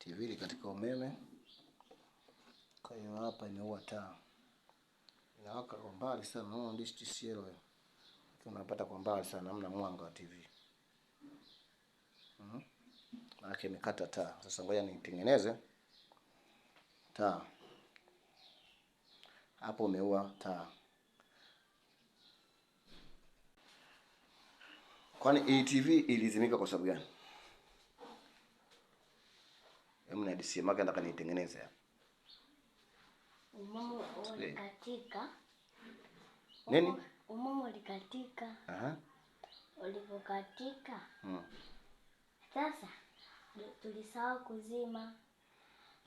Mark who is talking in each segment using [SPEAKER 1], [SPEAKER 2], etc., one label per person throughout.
[SPEAKER 1] TV ile katika umeme. Kwa hiyo hapa imeua taa. Inawaka kwa mbali sana, naona ndishi TCL. Tunapata kwa mbali sana, namna mwanga wa TV. -hmm. Maana imekata taa. Sasa ngoja nitengeneze taa. Hapo umeua taa. Kwani hii TV ilizimika kwa sababu gani? na DC maka nataka nitengeneze
[SPEAKER 2] Umeme ulikatika. Nini? Umeme ulikatika. Aha. Ulipokatika. Hmm. Sasa tulisahau kuzima.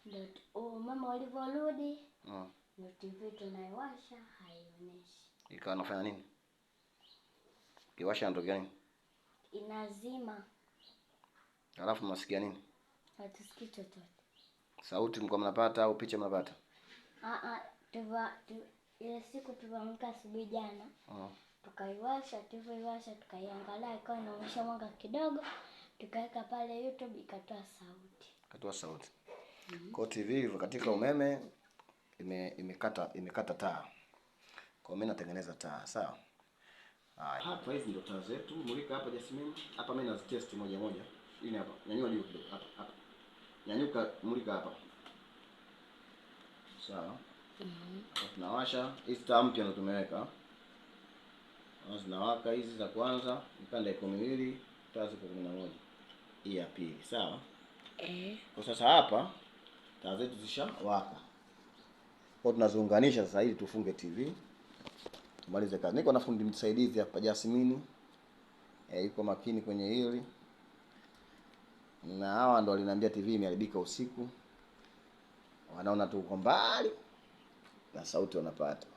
[SPEAKER 2] Ndio umeme ulivorudi. Hmm. Ndio TV tunaiwasha haionyeshi.
[SPEAKER 1] Ikawa nafanya nini? Kiwasha ndio gani?
[SPEAKER 2] Inazima.
[SPEAKER 1] Alafu masikia nini?
[SPEAKER 2] hatusikii chochote.
[SPEAKER 1] Sauti mko mnapata au picha mnapata?
[SPEAKER 2] Ah, ah, tu ile siku tuliamka asubuhi jana. Oh. Tukaiwasha, tulivyoiwasha tukaiangalia ikawa inaonyesha mwanga kidogo, tukaweka pale YouTube ikatoa sauti.
[SPEAKER 1] Ikatoa sauti. Mm -hmm. Kwa TV hivyo katika umeme ime, imekata imekata taa. Kwa mimi natengeneza taa, sawa? Haya. Hapa hizi ndio taa zetu, mulika hapa Jasmine. Hapa mimi nazitest moja moja. Hii hapa. Nyanyua juu kidogo. Hapa hapa nyanyuka, mulika hapa sawa. mm -hmm. Tunawasha hizi taa mpya ndo tumeweka, zinawaka hizi za kwanza, mikanda iko miwili, taa ziko kumi na moja, hii ya pili sawa. Eh, kwa sasa hapa taa zetu zishawaka, kwa tunaziunganisha sasa ili tufunge TV tumalize kazi. Niko na fundi msaidizi hapa Jasmine, eh, yuko makini kwenye hili na hawa ndo waliniambia TV imeharibika usiku, wanaona tu uko mbali na sauti wanapata.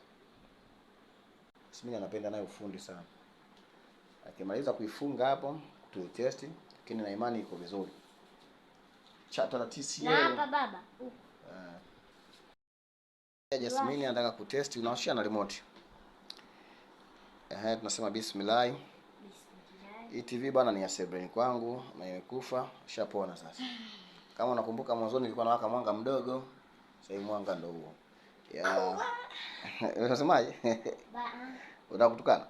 [SPEAKER 1] Simini anapenda naye ufundi sana. Akimaliza kuifunga hapo tu test, lakini na imani iko vizuri. Chata na TCL. Na
[SPEAKER 2] hapa baba. Uh. Uh.
[SPEAKER 1] Jasmine anataka kutesti, unaoshia na remote. Ehe, tunasema bismillah. ETV bana bwana ni ya Sebrain kwangu na imekufa, shapona sasa. Kama unakumbuka mwanzoni nilikuwa nawaka mwanga mdogo, sasa hivi mwanga ndio huo. Ya. Unasemaje? Utakutukana?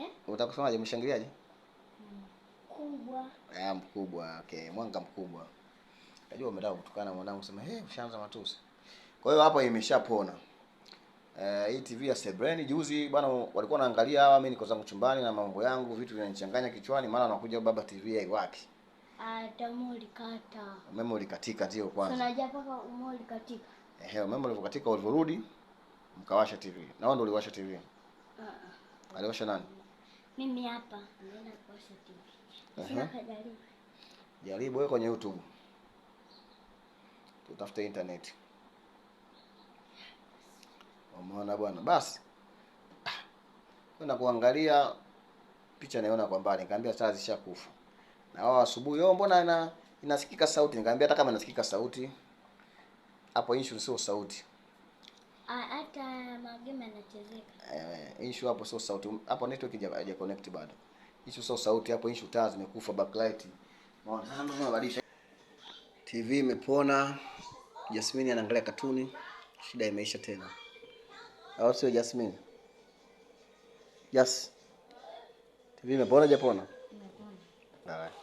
[SPEAKER 1] Eh? Utakusemaje mshangiliaje? Mkubwa. Ah, mkubwa. Okay, mwanga mkubwa. Najua umetaka kutukana mwanangu, sema, "Hey, ushaanza matusi." Kwa hiyo hapo imeshapona. Uh, hii TV ya Sebreni juzi bwana walikuwa wanaangalia hawa, mimi niko zangu chumbani na mambo yangu, vitu vinanichanganya kichwani, maana nakuja baba TV ya wapi?
[SPEAKER 2] Ah, tamu ulikata.
[SPEAKER 1] Umeme ulikatika ndio kwanza.
[SPEAKER 2] Unajua paka umeme ulikatika.
[SPEAKER 1] Ehe, umeme ulivyokatika ulivyorudi mkawasha TV. Na wao ndio uliwasha TV? Ah.
[SPEAKER 2] uh uh-uh. Aliwasha nani? Mimi hapa naenda kuwasha TV. Sina uh-huh. Jaribu.
[SPEAKER 1] Jaribu wewe kwenye YouTube. Tutafute internet. Umeona bwana, basi ah, kwenda kuangalia picha, naiona kwa mbali, nikamwambia taa zishakufa. Na wao asubuhi, wao mbona ina, inasikika sauti? Nikamwambia hata kama inasikika sauti hapo, issue sio sauti
[SPEAKER 2] ah, hata magema yanachezeka.
[SPEAKER 1] Eh, issue hapo sio sauti. Hapo network haija connect bado. Issue sio sauti hapo, issue taa zimekufa backlight. Unaona? Sasa ah, ndio tunabadilisha. TV imepona. Jasmine anaangalia katuni. Shida imeisha tena au sio Jasmine? Yes. TV imepona japona? Imepona.